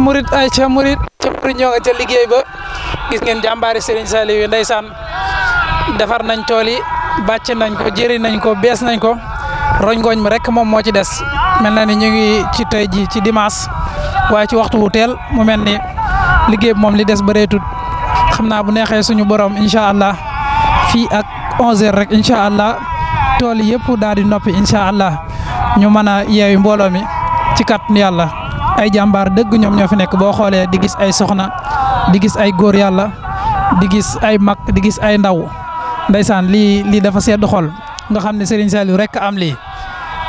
murid ay ca murid ca murid ñoo nga ca liggéey ba gis ngeen jambaari Serigne saliwi ndaysan defar nañ toli bacc nañ ko jëri nañ ko bes nañ ko goñ mu rek mom mo ci dess melna na ni ñu ngi ci tay ji ci dimanche waaye ci waxtu wu tel mu melni liggey mom li dess bëreetut xam xamna bu nexé suñu borom inshallah allah ak 11h rek inshallah allah yépp daal di nopi inshallah allah ñu mëna a mbolo mi ci kat Allah ay jàmbaar dëgg ñoom ñoo fi nekk boo xoolee di gis ay soxna di gis ay góor yàlla di gis ay mag di gis ay ndaw ndeysaan li lii dafa sedd xol nga xam ne Serigne Saliou rek am lii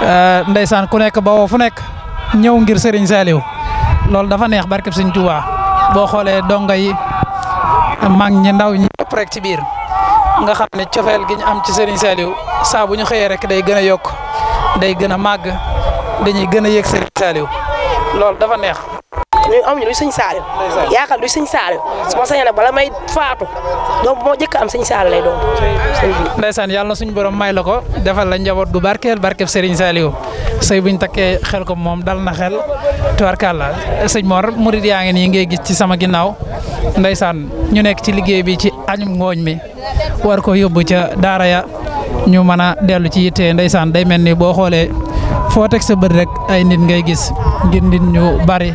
euh, ndeysaan ku nekk ba woo fu nekk ñëw ngir Serigne Saliou loolu dafa neex barkeb Serigne Touba boo xoolee donga yi mag ñi ndaw ñi yëpp rek ci biir nga xam ne cofeel gi am ci Serigne Saliou saa bu ñu xëyee rek day gën a yokk day gën a màgg dañuy gën yëg Serigne Saliou loolu dafa neex. ñun amuñu su ma sañee nag may faatu doom moo jëkk am sëñ Saliou lay doon ndeysaan yàlla na suñu borom may la ko defal la njaboot gu barkeel barkeb Serigne Saliou sëy buñ takkee xel ko moom dal na xel tubarkàlla sëñ Mor murid yaa ngay gis ci sama ginnaaw ndeysaan ñu nekk ci liggéey bi ci añum ngooñ mi war ko yóbbu ca daara ya ñu mën a dellu ci yitte ndeysaan day mel ni boo xoolee foo teg sa bët rek ay nit ngay gis ngir nit ñu bari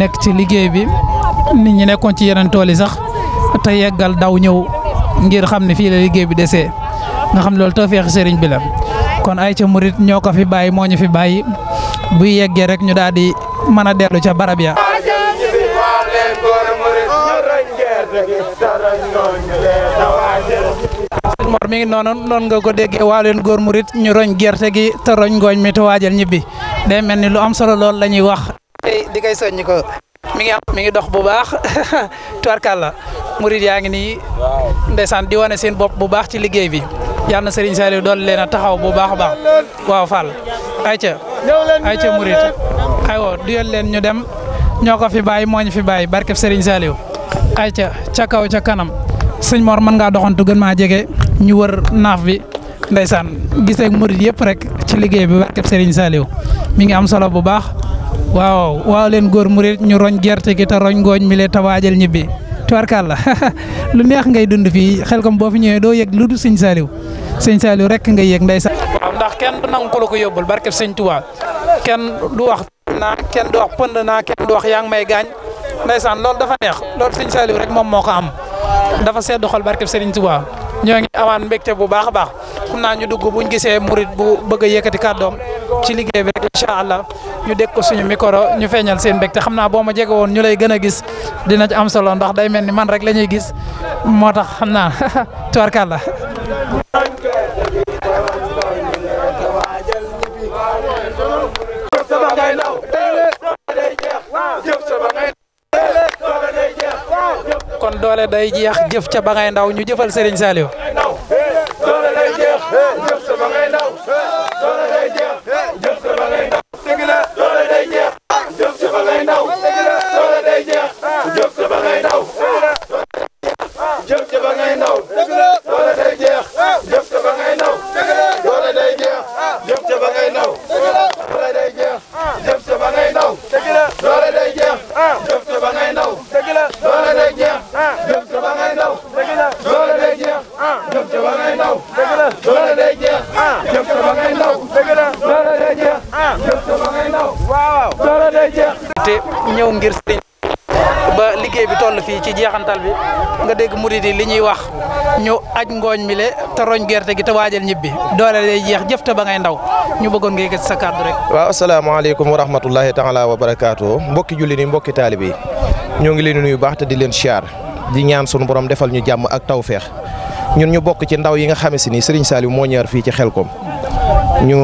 nekk ci liggéey bi nit ñu nekkoon ci yeneen tool yi sax te yeggal daw ñëw ngir xam ne fii la liggéey bi desee nga xam loolu tawfeexi sëriñ bi la kon ay ca murit ñoo ko fi bàyyi moo ñu fi bàyyi buy yeggee rek ñu daal di mën a dellu ca barab ya Mor mi ngi non noonu nga ko déggee walen gor góor murit ñu roñ gerté gi te roñ goñ mi te wajal ñibbi day melni lu am solo lool lañuy wax. di kay soñ ko mi ngi am mi ngi dox bu baax murid ngi di wone seen bop bu baax ci liggey bi yalla na Serigne Saliou doon leena taxaw bu baax baax waaw Fall murid ay murit aywa yel leen ñu dem ñoko fi baye moñ fi baye barke Serigne ay ca ca kaw ca kanam sëñ Mor man ngaa doxantu gën ma djégé ñu wër naaf bi gisé ak murid yépp rek ci liggéey bi barkeb Serigne saliw mi ngi am solo bu baax waaw waaw len gor murid ñu roñ gerte gi ta roñ goñ mi lee kal ñibbi tubarkàlla lu neex ngay dund fi xel kam bo fi ñëwee do yegg lu dul saliw saliw rek ngay yegg ndaysan ndax kenn du nang ko lako yobul yóbbul barkeb Touba kenn du wax na kenn du wax pënd na kenn du wax yaang may gañ ndaysan lool dafa neex lool saliw rek mom moko am dafa sedd xol barkeb Serigne Touba ñoo ngi awaan mbégte bu baax baax xam naa ñu dugg buñ gisé murit bu bëgg a yëkkati ci liggéey bi rek inshallah ñu dégg ko suñu micro ñu feeñal seen mbégte xamna bo ma jégé won ñu lay gis dina ci am solo ndax day melni man rek lañuy gis moo tax xam doole day jeex jëf ca ba ndaw ñu jëfal Serigne Saliou. doole fi ci jeexantal bi nga deg murid li ñuy wax ñu aj ngooñ mi le te roñ gerte gi te wajal ñibbi doole lay jeex jëf ba ngay ndaw ñu bëggon ngay yëkkati sa kàddu rek assalamu alaykum wa rahmatullahi taala wa barakatuh mbokk julini mbokk talibi ñu ngi leen nuyu baax te di leen xiar di ñaan suñu borom defal ñu jamm ak tawfiq ñun ñu bok ci ndaw yi nga xamé si ni Serigne Saliou mo ñaar fi ci Xelkom ñu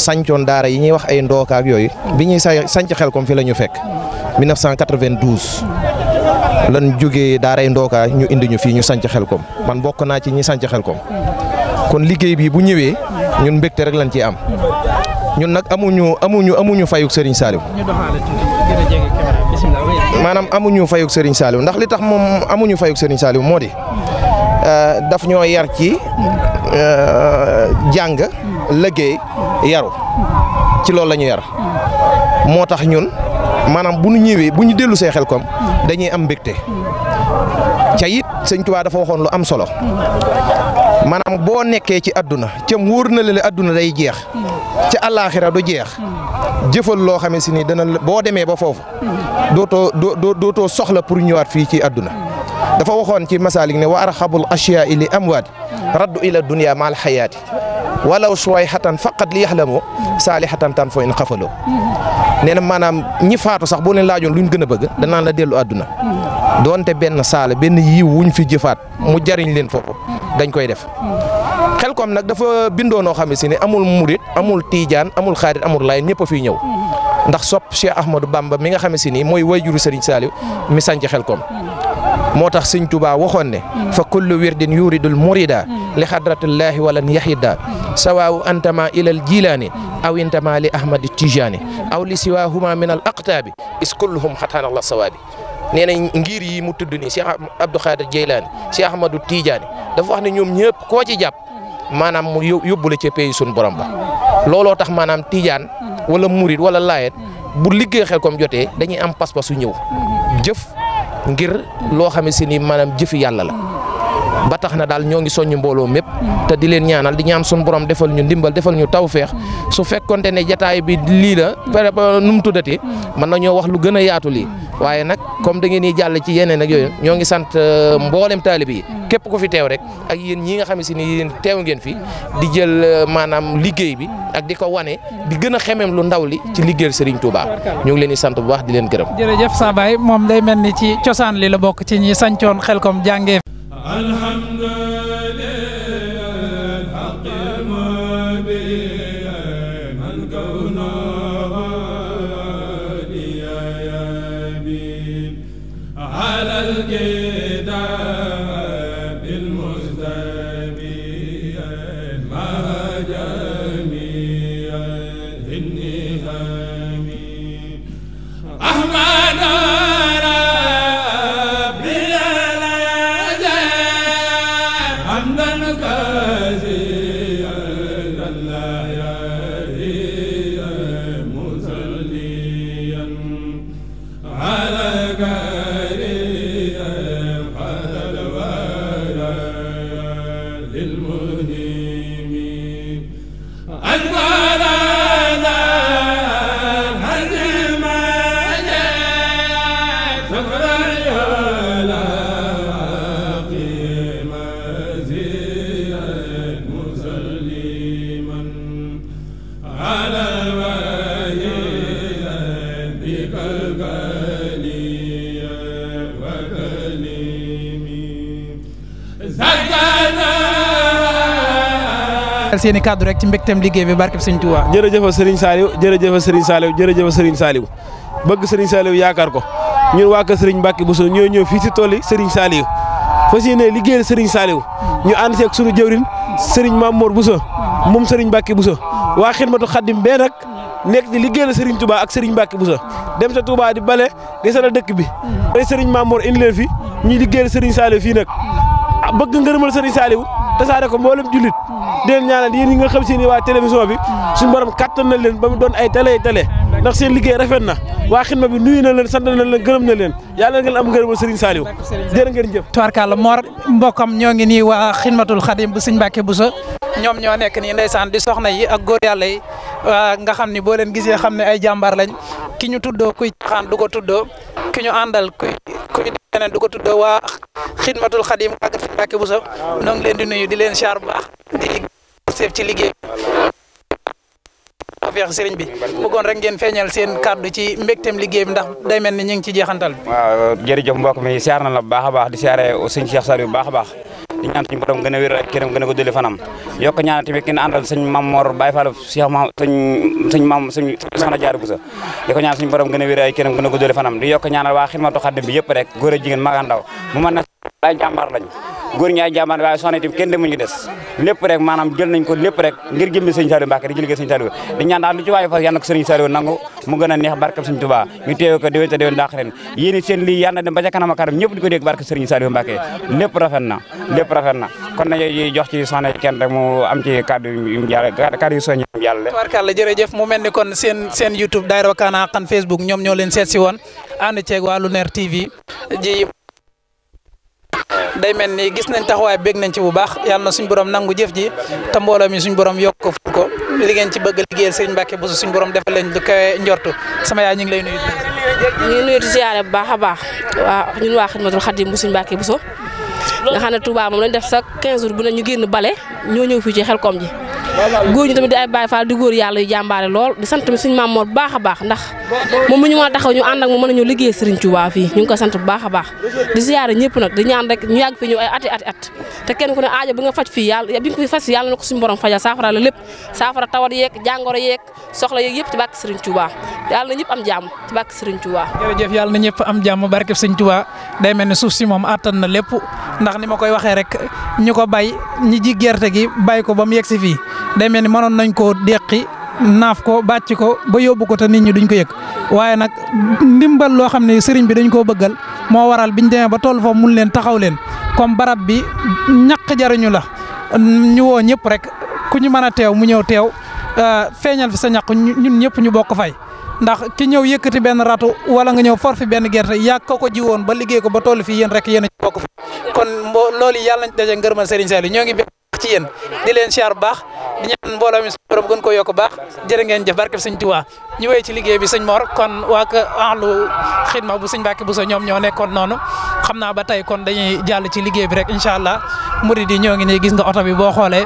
sancion daara yi ñi wax ay ndookaak yoy bi sanc Xelkom fi lañu 1992 lan juga daaray ndoka ñu indi ñu fi ñu xel ko man bokk na ci ñi xel ko kon liggéey bi bu ñëwé ñun mbékté rek lañ ci am ñun nak amuñu amuñu amuñu fayuk Serigne Saliou Manam amuñu fayuk Serigne Saliou ndax li tax mom amuñu fayuk Serigne Saliou modi. euh daf ñoo yar ci euh, jang liggéey yaru ci lool lañu yar motax ñun maanaam bu ñu ñëwee bu ñu dellu see xel kom dañuy am mbégte ca it sëñ Tuubaa dafa waxoon lu am solo maanaam boo nekkee ci àdduna cam wóor na la àdduna day jeex ca àllaaxira du jeex jëfal loo xamee si ni dana boo demee ba foofu dootoo doo dootoo soxla pour ñëwaat fii ci àdduna dafa waxoon ci masaalik ne wa arxabul ashyaa li amwaat raddu ila dunya maal xayaati walaw suwayhatan faqat li yaxlamu saalihatan tan fo in xafaloo nee na maanaam ñi faatu sax boo leen laajoon luñ gën a bëgg danaan la dellu adduna doonte benn saala benn yiw wuñ fi jëfaat mu jariñ leen foofu dañ koy def xel kom nag dafa bindoo noo xam ne si ne amul murit amul tiijaan amul xaarit amul laay ñëpp a fiy ñëw ndax sopp Cheikh Ahmadou Bamba mi nga xam ne si nii mooy wayjuru Serigne Saliou mi sanc xel kom moo tax sëñ Tuubaa waxoon ne fa kullu wirdin yuridul murida li xadratullahi walan yahida sawaawu antama ilal jilaani aw intama li ahmadi tijaani aw li siwahuma min al aqtaabi is kulluhum xataan allah sawaabi nee nañ ngir yi mu tudd nii Cheikh Abdou Khadir Jeylaani Cheikh Ahmadou Tijaani dafa wax ne ñoom ñëpp koo ci jàpp maanaam mu yóbbu la ca pays suñu borom ba looloo tax maanaam Tijaan wala Murid wala Laayeen bu liggéey xel kom jotee dañuy am pas-pasu ñëw jëf ngir loo xam ni maanaam jëfi yàlla la ba na daal ñoo ngi soññu mbooloo mépp te di leen ñaanal di ñaan suñu borom defal ñu ndimbal defal ñu tawféex su fekkonte ne jataay bi lii la pare nu mu tuddati mën nañoo wax lu gën a yaatu lii waaye nag comme da ngeen jàll ci yeneen ak yooyu ñoo ngi sant euh, mboolem taalib yi képp ku fi teew rek ak yéen ñi nga xam ni yéen teew ngeen fi di jël euh, maanaam liggéey bi ak di ko wane di gën a xemem lu ndaw li ci liggéey Serigne Touba ñu ngi leen di sant bu baax di leen gërëm. jërëjëf sa الحمد Gracias. daaneel seen i a rek ci mbégteem liggéey a barkeb sëñ Tuubaa jërëjëfa sëriñ Saliou jërëjëfa a Saliou jërëjëfa sëriñ Saliou bëgg sëriñ Saliou yaakaar ko ñun waa kër sëriñ Mbacke Bousso ñoo ñëw fii si tool yi sëriñ Saliou fas yéene liggéeyal sëriñ Saliou ñu ànd seeg sunu jëwrin sëriñ Mamour Bousso moom sëriñ Mbacke Bousso waa xidmatu xaddim bee nag nekk di liggéeyal sëriñ Touba ak sëriñ Mbacke Bousso dem sa Touba di bale di sala dëkk bi sëriñ Mamour indi leen fi ñuy liggéeyal sëriñ bëgg ngërëmal sëriñ Saliou tasaare ko mboolem jullit di leen ñaanal yéen nga xam si ni waa télévision bi suñu borom kattan na leen ba mu doon ay télé télé ndax seen liggéey rafet na waa xidma bi nuyu na leen sant na leen gërëm na leen yàlla ngeen am ngërëmal sëriñ Saliou jërë ngeen jëf tubarkàlla Mor mbokkam ñoo ngi nii waa xidmatul xadim bu sëñ bu Buso ñoom ñoo nekk nii saan di soxna yi ak góor yàlla yi nga xam ni boo leen gisee xam ne ay jàmbaar lañ ki ñu tuddoo kuy caaxaan du ko tuddoo ki ñu àndal keneen du ko tudda waa xidmatul xadim ak sëñ Mbàkke Buso noo ngi leen di nuyu di leen siyaar bu baax di seef ci liggéey feex sëriñ bi bëggoon rek ngeen feeñal seen kàddu ci mbégteem liggéey bi ndax day mel ni ñu ngi ci jeexantal bi waaw jërëjëf mbokk mi siyaar na la bu baax a baax di siyaare sëñ Cheikh Sar bu baax a baax di ñaan suñu borom gën a wér ak këram gën a ko fanam yokk ñaan tamit kenn àndal sëñ Mame Mor Baye Fall Cheikh Mame sëñ sëñ Mame ñaan suñu borom gën a wér ay këram gën fanam di yokk ñaanal waa Xidmatul Xaadim bi yëpp rek góor a jigéen mag ak ndaw ay jàmbaar lañu góor ñi ay jàmbaar waaye soxna itam kenn des lépp rek maanaam jël nañ ko lépp rek ngir jëmmi sëñ Saliou Mbacke di di ñaan daal lu ci nangu mu gën a neex barkab sëñ Touba ñu teewe ko déwén te déwén seen lii yàlla na dem rafet na lépp rafet na kon nañu jox ci soxna kenn rek mu am ci kàddu yu yàlla kàddu yu mu mel ni kon seen seen YouTube Daahira Wakana Haqqan Facebook ñoom ñoo leen si woon ànd ceeg waa Lunaire TV day mel ni gis nañ taxawaay bég nañ ci bu baax yàlla na suñ borom nangu jëf ji te mbooloo mi suñ borom yokk ko ful ko li ngeen ci bëgg liggéeyal sëriñ Mbàkke Buso suñ borom defal leen lu kawe njortu sama yaay ñu ngi lay nuyu. ñu ngi nuyu bu baax a baax waa ñun waa Xidmatul Xadim bu suñ Mbàkke Buso nga xam ne Touba moom lañ def sax 15 jours bu ne ñu génn bale ñoo ñëw fii ci xel Xelkom ji góor ñi tamit di ay Baay Faal di góor yàlla yu jàmbaare lool di sant tamit suñu maam Mor bu baax a baax ndax moom mu ñu mën a taxaw ñu ànd ak mu mën a ñu liggéey Serigne Touba fii ñu ngi ko sant bu baax a baax di siyaare ñëpp nag ñaan rek ñu yàgg fii ñu ay ati ati at te kenn ku ne aajo bi nga faj fii yàlla bi nga ko faj yàlla na ko suñu borom fajal saafara la lépp saafara tawat yeeg jàngoro yeeg soxla yeeg yëpp ci bàkk Serigne Touba yàlla na ñëpp am jàmm ci bàkk Serigne Touba jërëjëf yàlla na ñëpp am jàmm barke Serigne Touba day mel ne suuf si moom attan na lépp ndax ni ma koy waxee rek ñu ko bay ñi ji gerte gi bay ko ba mu yegg si fii day mel ni mënoon nañ ko deqi naaf ko bàcc ko ba yóbbu ko te nit ñi duñ ko yëg waaye nag ndimbal loo xam ne sëriñ bi dañ ko bëggal moo waral biñ demee ba toll foofu mun leen taxaw leen comme barab bi ñaq jariñu la ñu woo ñëpp rek ku ñu mën a teew mu ñëw teew euh, feeñal fi sa ñaq ñun ñëpp ñu bokk fay. ndax ci ñew yëkëti ben ratu wala nga ñew forfi ben benn gerte ko ko jiwon ba liggéey ko ba toll fi yeen rek yeen a bokk kon mbo loolu yàlla nañ daje ngërëmal Serigne sallu ñoo ngi baax ci yeen di leen xiar baax di ñaan mbooloo mi borom gën ko yok baax jërë ngeen jëf barkeb Serigne Touba ñu wéy ci liggéey bi Serigne Mor kon wa ka ahlu xidma bu Serigne bu so ñom ñoo nekkon nonu xamna ba tay kon dañuy jall ci liggéey bi rek inshallah mouride yi ñoo ngi ni gis nga auto bi bo xolé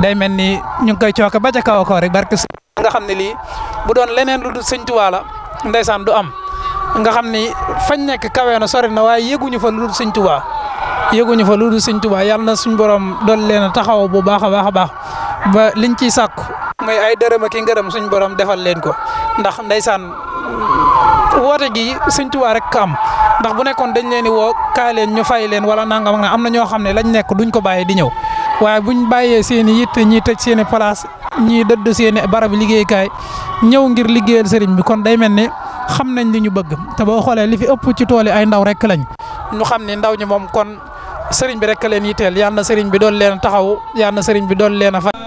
day melni ñu ngi koy cooke ba ca kaw ko rek barke nga xamni li bu doon leneen lu dul sëñ Tuubaa la saan du am nga xam ni fañ nekk kawe na sori na waaye yëguñu fa lu dul sëñ fa lu dul sëñ Tuubaa yàlla na suñ borom doon leen a taxaw bu baax a baax a baax ba liñ ciy sàkku mooy ay dërëm ak i ngërëm suñ borom defal leen ko ndax ndeysaan woote gi sëñ Tuubaa rek am ndax bu nekkoon dañ leen di woo kaa ñu fay leen wala nangam nga am na ñoo xam ne lañ nekk duñ ko bàyyi di ñëw waaye buñ bàyyee seen i yitt ñi tëj seen i ñiy dëdd seeni barab liggéeykaay ñëw ngir liggéeyal sëriñ bi kon day mel ni xam nañ ni ñu bëgg te boo xoolee li fi ëpp ci tool yi ay ndaw rek lañ ñu xam ni ndaw ñi moom kon sëriñ bi rekk leen yitteel yal na sëriñ bi doon leen taxaw yal na sëriñ bi doon leen a faj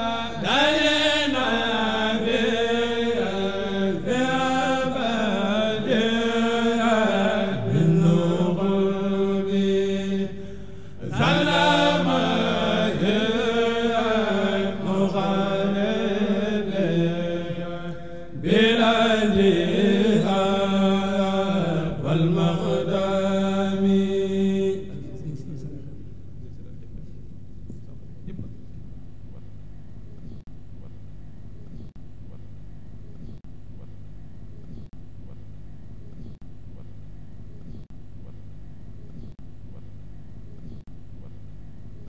bilal